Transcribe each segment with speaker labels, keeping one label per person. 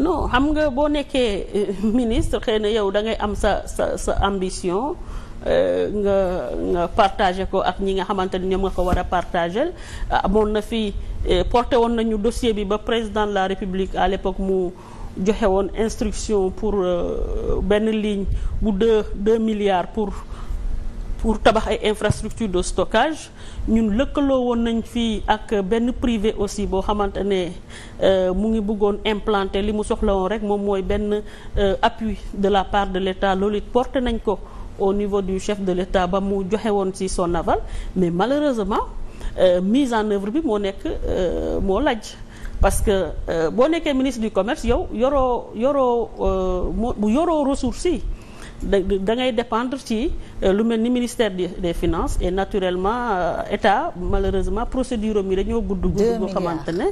Speaker 1: non xam nga boo nekkee euh, ministre xëy na yow da ngay am sa sa sa ambition euh, nga nga partagé ko ak ñi nga xamante ni ñoom nga ko war a partagé amoon na fi euh, porté woon nañu dossier bi ba président la république à l'époque mu joxe woon instruction pour benn ligne bu deux deux milliards pour pour tabax ay infrastructure de stockage ñun lëkkaloo woon nañ fii ak benn privé aussi boo xamante ne euh, mu ngi bëggoon implanter li mu soxla woon rek moom mooy benn euh, appui de la part de l'État loolu it porté nañ ko au niveau du chef de l'État ba mu joxe woon ci son aval mais malheureusement euh, mise en œuvre bi moo nekk moo lajj parce que boo nekkee ministre du commerce yow yoroo yoroo bu yoroo ressources yi da ngay dépendre ci euh, lu mel ni ministère des finances et naturellement euh, état malheureusement procédure am yi dañoo gudd gudd boo xamante ne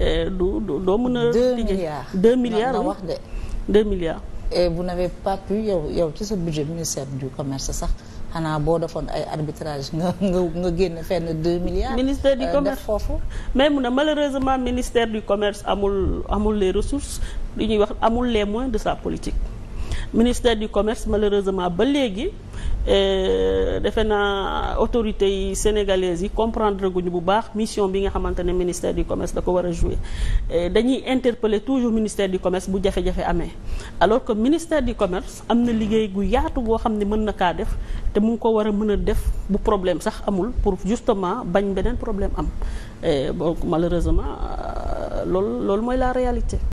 Speaker 1: euh, du doo mën a liggéey deux milliards wax de
Speaker 2: deux milliards et vous n'avez pas pu yow yow ci sa budget ministère du commerce sax xanaa boo defoon ay arbitrage nga nga nga génn fenn deux milliards. ministère du commerce foofu.
Speaker 1: mais mu ne malheureusement ministère du commerce amul amul les ressources li ñuy wax amul les moins de sa politique. ministère du commerce malheureusement ba léegi euh, defe na autorités yi sénégalaises yi comprendre guñu bu baax mission bi nga xamante ne ministère du commerce da ko war a jouer dañuy interpeller toujours ministère du commerce bu jafe-jafe amee alors que ministère du commerce am na liggéey gu yaatu boo xam ne mën na kaa def te mu ngi ko war a mën a def bu problème sax amul pour justement bañ beneen problème am donc malheureusement euh, loolu loolu mooy la réalité